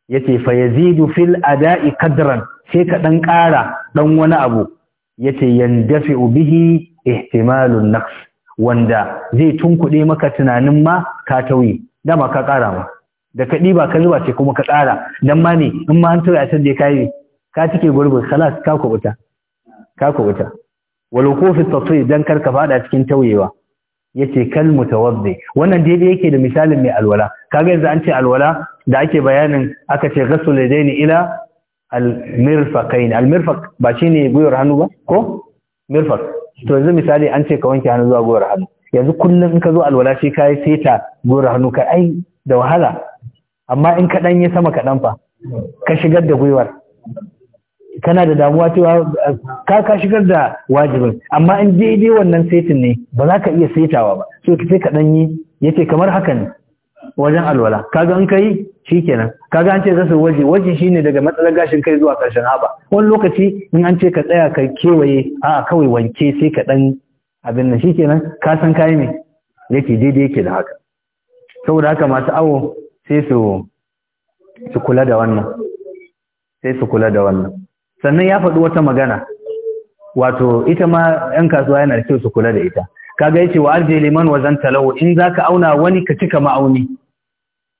yace fa yazidu fil ada'i qadran sai ka dan kara dan wani abu yace yandafi'u bihi ihtimalun naqs wanda zai tunkuɗe maka tunanin ma ka tauye dama ka ƙara ma da kaɗi ba ka zuba ce kuma ka ƙara dan ma ne in ma an tura a can kai ka cike gurbin khalas ka kubuta ka kubuta walau ko fi taswi dan karka fada cikin tauyewa yace kal mutawaddi wannan dai-dai yake da misalin mai alwala kaga yanzu an ce alwala da ake bayanin aka ce ghassul yadaini ila al mirfaq ba shine gwiwar hannu ba ko mirfaq to yanzu misali an ce ka wanke hannu zuwa gwiwar hannu yanzu kullum in ka zo alwala shi kai seta gwiwar hannu ka ai da wahala amma in ka danye sama ka dan fa ka shigar da gwiwar kana da damuwa cewa ka ka shigar da wajibin amma in daidai wannan setin ne ba za ka iya setawa ba so sai ka dan yi yace kamar haka ne wajen alwala kaga in kai shikenan kaga an ce zasu waje waje shine daga matsalar gashin kai zuwa karshen haba wani lokaci in an ce ka tsaya ka kewaye a kawai wanke sai ka dan abin nan shikenan ka san kai ne yake daidai yake da haka saboda haka masu awo sai su su kula da wannan sai su kula da wannan sannan ya faɗi wata magana wato ita ma ‘yan kasuwa yana da kyau su kula da ita kaga yace wa arje liman wa zan talawo in za ka auna wani ka cika ma'auni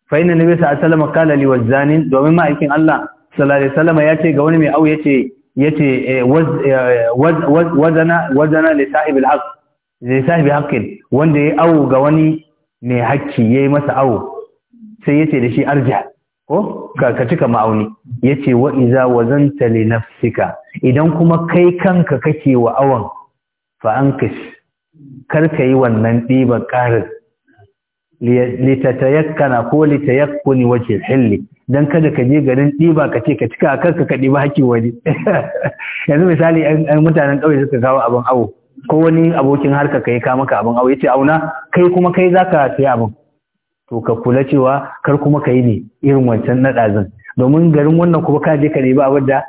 fa inna nabi sallallahu alaihi wa qala li wazanin domin ma'aikin Allah sallallahu alaihi wasallam ya ce ga wani mai au ya ce eh, eh, wazana wazana li sahib al li sahib haqqin wanda ya au ga wani mai hakki yayi masa au sai yace da shi arja Oh ka cika ma'auni yace wa iza wazanta li nafsika idan kuma kai kanka kake wa awan fa ankish kar ka yi wannan diba ta litatayakkana ko tayakkuni wace hilli dan kada ka je garin diba ka ce ka cika kanka ka diba haki wani yanzu misali an mutanen kauye suka kawo abin awo ko wani abokin harka kai ka maka abin awo yace auna kai kuma kai zaka saya abin to ka kula cewa kar kuma ka yi ne irin wancan na domin garin wannan kuma ka je ka nemi abin da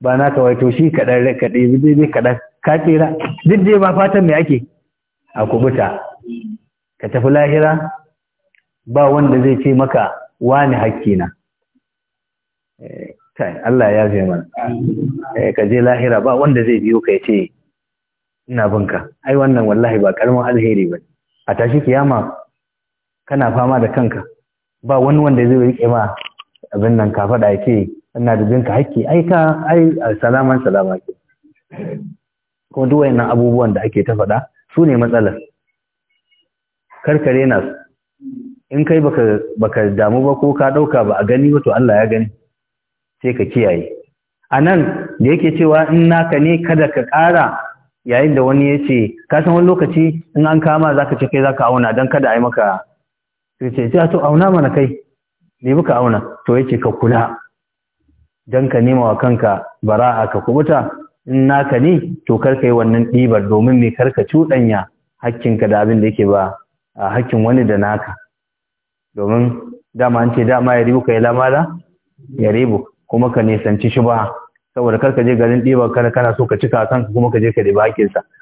ba na ka wato shi ɗan ka ɗebi daidai kaɗan ka tsira duk dai ba fatan me ake a kubuta ka tafi lahira ba wanda zai ce maka wani hakkina eh, kai Allah ya zai mana eh, ka je lahira ba wanda zai biyo ka ya ce ina binka ai wannan wallahi ba karamin alheri ba a tashi kiyama kana fama da kanka ba wani wanda zai rike ma abin nan ka faɗa yake ina da jinka hakki ai ka ai salaman salama ke kuma duk wayannan abubuwan da ake ta faɗa su ne matsalar karkare na in kai baka baka damu ba ko ka ɗauka ba a gani ba to Allah ya gani sai ka kiyaye a nan da yake cewa in naka ne kada ka ƙara yayin da wani ya ce ka san wani lokaci in an kama zaka ce kai zaka auna don kada a yi maka sai ce ya to auna mana kai ne muka auna to yake ka kula dan ka nema wa kanka bara'a ka kubuta in naka ne to kar yi wannan ɗibar domin me karka cuɗanya hakkinka da abin da yake ba a hakkin wani da naka domin dama an ce dama ya ribu ka yi lamala ya ribu kuma ka nisanci shi ba saboda karka je garin ɗibar kana kana so ka cika kanka kuma ka je ka riba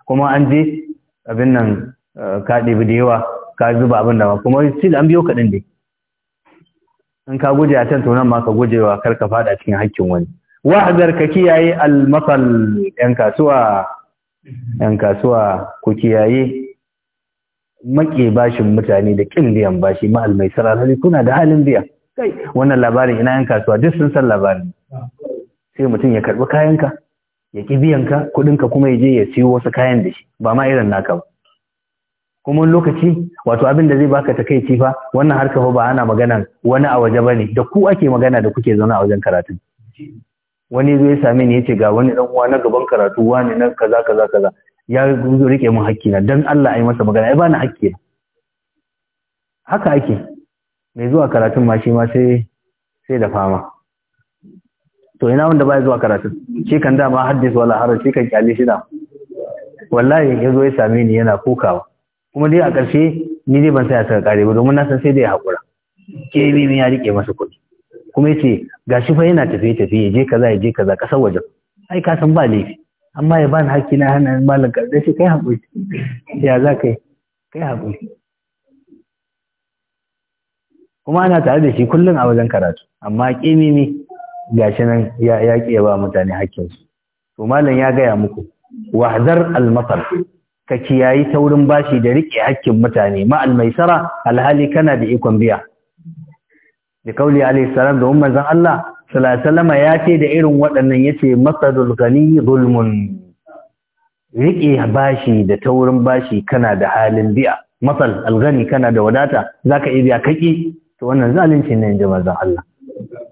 kuma an je abin nan eh, ka ɗibi da yawa ka zuba abin da ba kuma still an biyo ka din dai in ka guje a can to nan ma ka guje wa kar ka fada cikin hakkin wani Wa hadar ka kiyaye al-masal yan kasuwa yan kasuwa ku kiyaye make bashin mutane da kin biyan bashi ma al-maisara hali kuna da halin biya kai wannan labarin ina yan kasuwa duk sun san labarin sai mutum ya karbi kayanka ya ki biyan ka kudin ka kuma ya je ya siyo wasu kayan da shi ba ma irin naka ba kuma lokaci wato abin da zai baka takaici fa wannan harka fa ba ana magana wani a waje bane da ku ake magana da kuke zaune a wajen karatu wani zo ya same ni yace ga wani dan uwa na gaban karatu wani na kaza kaza kaza ya zo rike min hakki na dan Allah ai masa magana ai bani hakki haka ake mai zuwa karatun ma shi ma sai sai da fama to ina wanda baya zuwa karatun shi kan dama haddis wala haraj shi kan kyale shi da wallahi ya zo ya same ni yana kokawa kuma dai a ƙarshe ni dai ban sai a saka kare ba domin na san sai dai haƙura ke ne ya rike masa kuɗi kuma yace gashi fa yana tafiye tafiye je kaza ya je kaza kasar waje ai ka san ba laifi amma ya bani hakki na hana malam karɗa sai kai haƙuri ya za kai kai haƙuri kuma ana tare da shi kullum a wajen karatu amma ƙimimi gashi nan ya ya ba mutane hakkinsu to malam ya gaya muku wahzar al-masal ka kiyayi ta wurin bashi da riƙe hakkin mutane ma'al maisara alhali kana da ikon biya da kauli alayhi salam da umman zan Allah sallallahu ya ce da irin waɗannan yace masadul Gani zulmun Rike bashi da ta wurin bashi kana da halin biya masal algani kana da wadata zaka iya biya kaki to wannan zalunci ne inji manzon Allah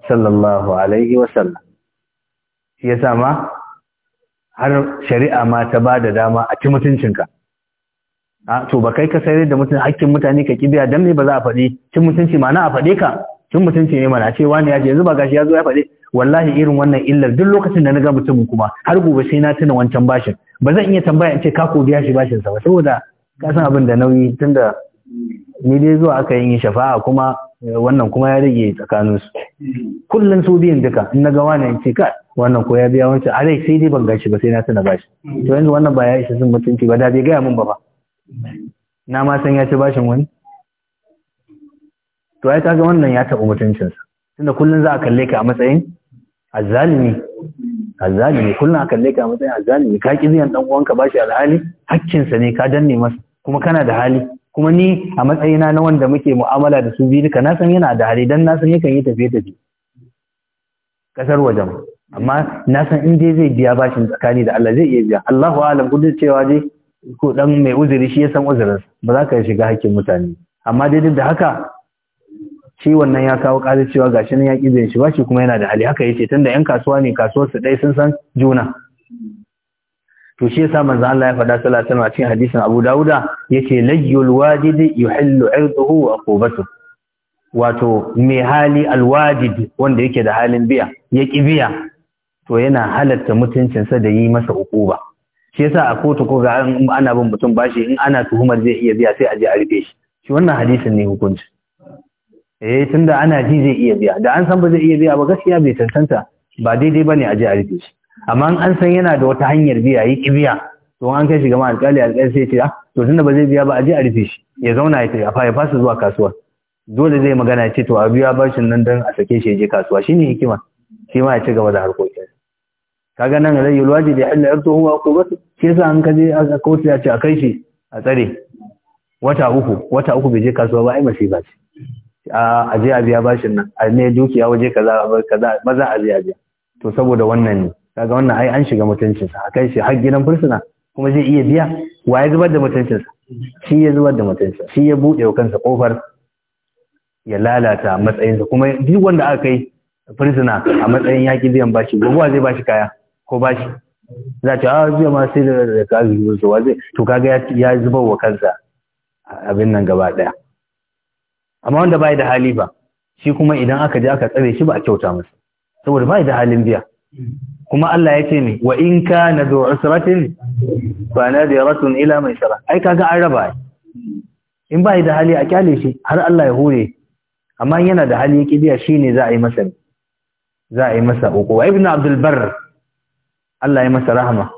sallallahu alaihi wasallam shi yasa ma har shari'a ma ta ba da dama a ci mutuncinka a to ba kai ka sayar da mutum hakkin mutane ka kibiya dan me ba za a faɗi cin mutunci ma na a faɗe ka cin mutunci ne mana ce wani ya je yanzu ba gashi ya zo ya faɗi wallahi irin wannan illar duk lokacin da na ga mutumin kuma har gobe sai na tuna wancan bashin ba zan iya tambaya in ce ka ko biya shi bashin sa ba saboda ka san abin da nauyi tunda ni dai zuwa aka yin shafa'a kuma wannan kuma ya rage tsakanin su kullun su biyun duka in naga wani in ce ka wannan ko ya biya wancan a sai dai ban gashi ba sai na tuna bashi to yanzu wannan ba ya isa sun mutunci ba da bai gaya min ba ba na ma san ya ci bashin wani to ai kaga wannan ya taɓa mutuncinsa tunda kullun za a kalle ka a matsayin azzalimi azzalimi kullun a kalle ka a matsayin azzalimi ka ki ziyan dan uwanka bashi alhali hakkinsa ne ka danne masa kuma kana da hali kuma ni a matsayina na wanda muke mu'amala da su biyu na san yana da hali dan na san yakan yi tafiye tafiye kasar wajen amma na san in dai zai biya bashin tsakani da Allah zai iya biya Allahu a'lam kudu cewa dai ko dan mai uzuri shi ya san uzurin ba za ka shiga hakkin mutane amma dai da haka shi wannan ya kawo ƙarar cewa gashi nan ya ƙi zai shi ba shi kuma yana da hali haka yace tunda yan kasuwa ne kasuwar su dai sun san juna to shi yasa manzo Allah ya faɗa sallallahu alaihi a cikin hadisin Abu Dawuda yace layyul wajid yuhillu irduhu wa aqubatu wato mai hali alwajid wanda yake da halin biya ya ki biya to yana halatta mutuncinsa da yi masa uquba shi yasa a kotu ko ga ana bin mutum bashi in ana tuhumar zai iya biya sai a je a rufe shi shi wannan hadisin ne hukunci eh tunda ana ji zai iya biya da an san ba zai iya biya ba gaskiya bai tantanta ba daidai bane a je a rufe shi amma an san yana da wata hanyar biya yi kibiya to an kai shi gama alƙali alƙali sai ce ah, to tunda ba zai biya ba a je a rufe shi ya zauna ya tafi ya fasa zuwa kasuwa dole zai magana ce to a biya bashin nan dan a sake shi ya je kasuwa shine hikima shi ma ya ci gaba da harkokin kaga nan rayyul wajibi da halla yarto huwa ba shi yasa an kaje a kotu ya ce a kai shi a tsare wata uku wata uku bai je kasuwa ba ai masifa ce a je a biya bashin nan a ne dukiya waje kaza kaza maza a a biya to saboda wannan ne kaga wannan ai an shiga mutuncin a kai shi har gidan fursuna kuma zai iya biya wa ya zubar da sa shi ya zubar da mutuncin shi ya bude wa kansa kofar ya lalata matsayinsa kuma duk wanda aka kai fursuna a matsayin yaƙi biyan bashi gobuwa zai bashi kaya ko bashi za ta a biya ah, ma sai da da kazi zuwa zai to kaga ya zubar wa kansa abin nan gaba ɗaya amma wanda bai da hali ba shi kuma idan aka je aka tsare shi ba a kyauta masa saboda bai da halin biya kuma Allah ya ce ne wa in kana zu usratin fa nadiratun ila maisara ai kaga an raba in ba da hali a kyale shi har Allah ya hure amma yana da hali yake biya shine za a yi masa za a yi masa uku ibn abdul bar? Allah ya masa rahama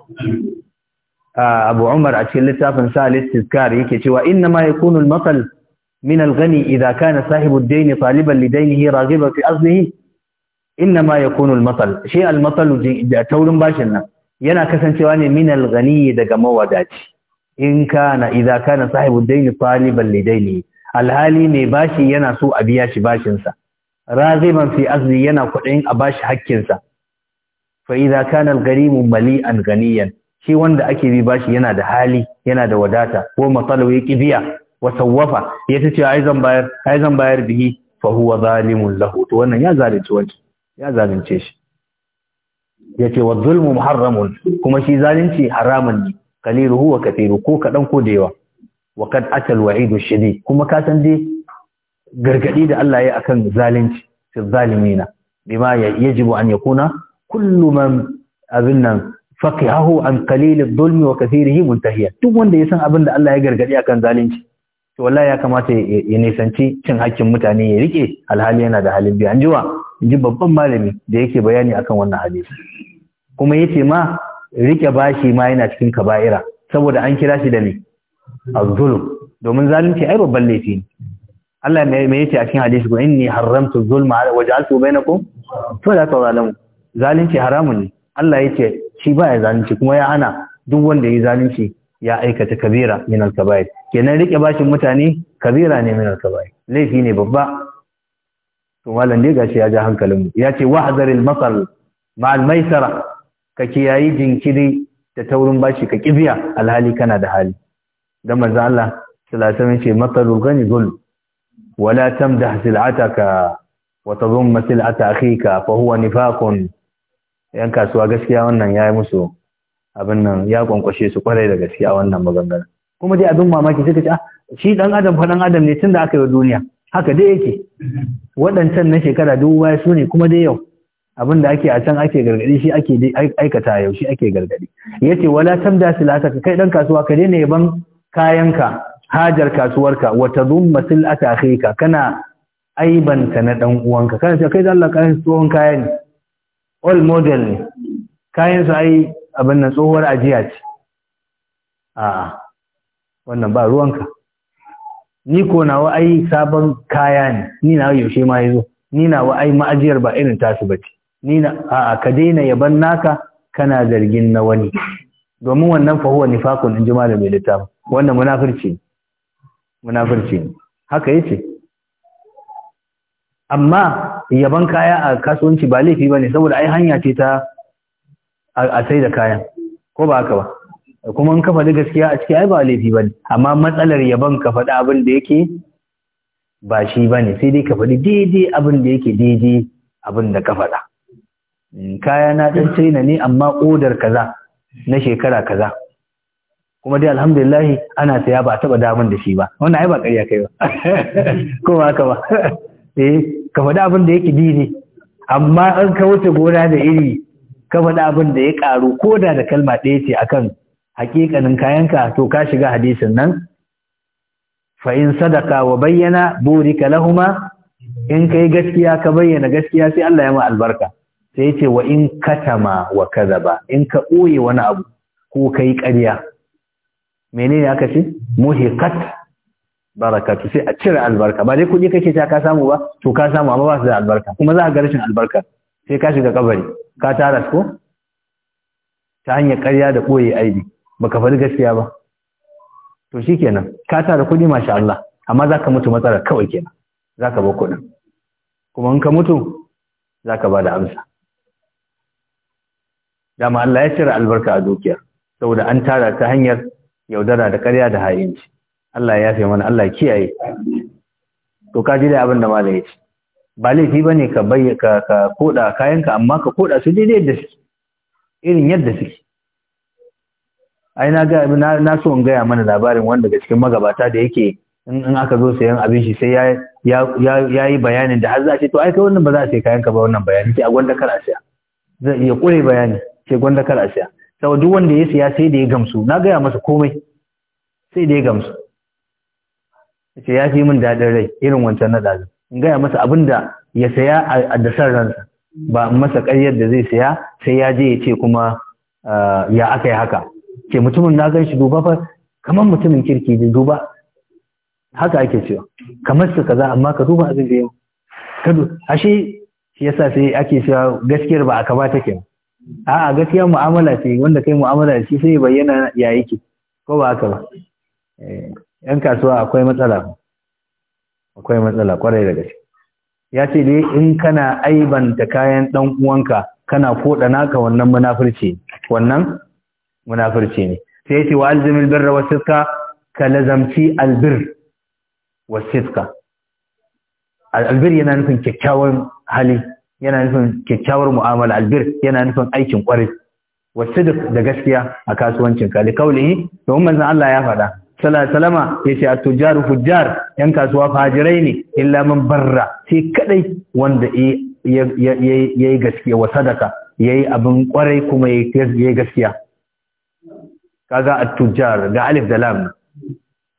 abu umar a cikin littafin sa al yake cewa inna ma yakunu al-matal min al-ghani idha kana sahibu ad-dayn taliban li daynihi raghiban fi azlihi ma ya al matsal shi al da taurin bashin nan yana kasancewa ne min al daga mawadaci in kana idza kana sahibu dayni taliban lidaini alhali mai bashi yana so a biya shi bashin sa raziban fi azli yana kudin a bashi hakkin sa fa idza kana al mali mali'an ganiyan shi wanda ake bi bashi yana da hali yana da wadata ko matsalau ya kibiya wa sawafa ya ai zan bayar ai zan bayar bihi fa huwa zalimun lahu to wannan ya zalunci wani ya zalunce shi yace wa zulmu muharramun kuma shi zalunci haramun ne qaliluhu wa kathiru ko kadan ko da yawa wa kad atal wa'idu shadid kuma ka san dai gargadi da Allah ya akan zalunci fi zalimina bima yajibu an yakuna kullu man abinnan faqihahu an qalil adh-dhulmi wa kathirihi muntahiya duk wanda ya san abin da Allah ya gargadi akan zalunci to wallahi ya kamata ya nisanci cin hakkin mutane ya rike alhali yana da halin biya an wa in ji babban malami da yake bayani akan wannan hadisi kuma yace ma rike bashi ma yana cikin kaba'ira saboda an kira shi da ne az-zulm domin zalunci ai babban laifi ne Allah me yace a cikin hadisi ko inni haramtu zulma wa ja'altu bainakum fala tazalamu zalunci haramun ne Allah yace shi ba ya zalunci kuma ya ana duk wanda ya zalunci ya aikata kabira min al-kaba'ir kenan rike bashin mutane kabira ne min al-kaba'ir laifi ne babba to malam dai gashi ya ja hankalin mu ya ce wahzaril masal al maisara ka kiyayi jinkiri da taurin bashi ka kibiya alhali kana da hali dan manzo Allah sallallahu alaihi wasallam ce matalul ghani wala tamdah zil'ataka wa tadhum sil'ata akhika fa huwa nifaqun yan kasuwa gaskiya wannan yayi musu abin nan ya kwankwashe su kwarai da gaske a wannan maganganun kuma dai abin mamaki suka ce ah, shi dan adam fa dan adam ne tun da aka yi duniya haka dai yake waɗancan na shekara dubu baya su ne kuma dai yau abin da ake a can ake gargadi shi ake aikata yau shi ake gargadi yace wala tamda silata kai dan kasuwa ka daina yaban kayanka hajar kasuwarka wa tadumma silata ka. kana aibanta na dan uwanka kana ce kai da Allah kayan tsohon kayan ne all model ne kayan su ai abin nan tsohuwar ajiya ce a wannan ba ruwanka ni ko nawa ai sabon kaya ne ni nawa yaushe ma yazo ni nawa ai ma'ajiyar ba irin tasu bace ni na a ka daina yaban naka kana zargin na wani domin wannan fa huwa nifaqun in ji malamin littafin wannan munafirci ne munafirci ne haka yace amma yaban kaya a kasuwanci ba laifi bane saboda ai hanya ce ta a sai da kayan ko ba haka ba kuma in ka faɗi gaskiya a ciki ai ba laifi ne. amma matsalar yaban ka faɗi abin da yake ba shi ba ne, sai dai ka faɗi daidai abin da yake daidai abin da ka faɗa mm, kaya na ɗan china ne amma odar kaza na shekara kaza kuma dai alhamdulillah ana saya ba taɓa damun da shi ba wannan ai ba ƙarya kai ba ko ba haka ba eh ka faɗi abin da yake daidai amma an ka wuce gona da iri ka faɗi abin da ya ƙaru ko da da kalma ɗaya ce akan haƙiƙanin kayanka to ka shiga hadisin nan fa'in sadaka wa bayyana ka lahuma in ka yi gaskiya ka bayyana gaskiya sai Allah ya ma albarka sai ce wa in katama wa ba in ka ɓoye wani abu ko ka yi ƙarya menene aka ce muhiqat barakatu sai a cire albarka ba dai kuɗi kake ta ka samu ba to ka samu amma ba su da albarka kuma za ka ga rashin albarka sai ka shiga kabari ka tara ko ta hanyar ƙarya da ɓoye aibi baka faɗi gaskiya ba to shikenan ka tara kuɗi masha Allah amma zaka mutu matsalar kawai kenan zaka ba kuɗin kuma in ka mutu zaka ba da amsa dama Allah ya cire albarka a dukiya saboda an tara ta hanyar yaudara da karya da hayinci Allah ya yafe mana Allah kiyaye to ka ji da abin da malai ya ce ba laifi ba ne ka ka koda kayanka amma ka koda su daidai yadda suke irin yadda suke ai na ga na so in gaya mana labarin wanda daga cikin magabata da yake in aka zo sayan abin shi sai ya yi bayanin da har za a ce to ai kai wannan ba za a sai kayanka ba wannan bayani ke a gwanda kar a siya zai iya kure bayani ke gwanda kar a siya saboda duk wanda ya siya sai da ya gamsu na gaya masa komai sai da ya gamsu ya fi min daɗin rai irin wancan na ɗazin in gaya masa abin da ya saya a dasar ransa ba masa ƙaryar da zai saya sai ya je ya ce kuma ah, ya aka yi haka ce mutumin na gan shi duba fa kamar mutumin kirki ne duba haka ake cewa kamar su kaza amma ka duba abin da yau kado ashe shi yasa sai ake cewa gaskiyar ba aka ba take a'a gaskiyar mu'amala ce wanda kai mu'amala shi sai bayyana ya yake ko ba haka ba eh, yan kasuwa akwai matsala akwai matsala kwarai da gaske ya ce dai in kana aibanta kayan dan uwanka kana koda naka wannan munafirci wannan munafirci ne sai yace wa alzimil birra wasidqa ka lazamci albir wasidqa albir yana nufin kyakkyawan hali yana nufin kyakkyawar mu'amala albir yana nufin aikin kwarai wasidq da gaskiya a kasuwancin ka li kaulihi domin Allah ya faɗa salama ya ce a tujjaru hujjar yan kasuwa fajirai ne illa min barra sai kadai wanda ya yi gaskiya wa sadaka ya yi abin kwarai kuma ya yi gaskiya kaga a tujjar ga alif da lam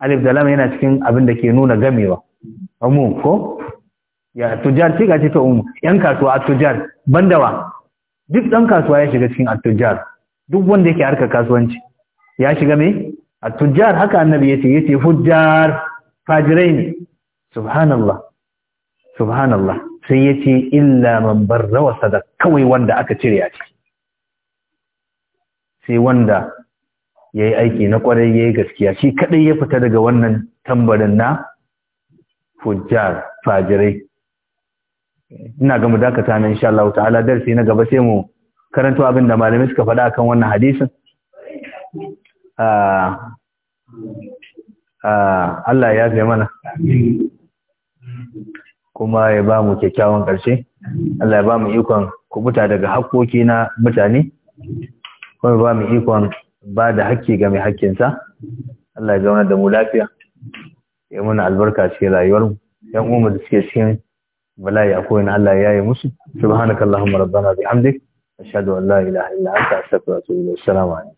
alif da lam yana cikin abin da ke nuna gamewa amu ko ya tujjar ce ga ce ta umu yan kasuwa a tujjar bandawa duk dan kasuwa ya shiga cikin a tujjar duk wanda yake harkar kasuwanci ya shiga me a tujjar haka annabi ya yace fujjar fajirai ne subhanallah subhanallah sai yace illa man barra wa sadaka kawai wanda aka cire a ciki sai wanda yayi aiki na kwarai yayi gaskiya shi kadai ya fita daga wannan tambarin na fujjar fajirai ina ga mu dakata na insha Allah ta'ala darsi na gaba sai mu karanta abin da malamai suka faɗa akan wannan hadisin Ah, ah, Allah ya zai mana kuma ya ba mu kyakkyawan ƙarshe Allah ya ba mu ikon kubuta daga haƙoƙi na mutane kuma ya ba mu ikon ba da haƙƙi ga mai haƙƙinsa Allah ya zauna da mu lafiya ya muna albarka cikin rayuwarmu yan umar da suke cikin bala'i koyi na Allah ya yi musu subhanakallahumma rabbana bihamdik ashhadu an la ilaha illa anta astaghfiruka wa atubu ilayk assalamu alaikum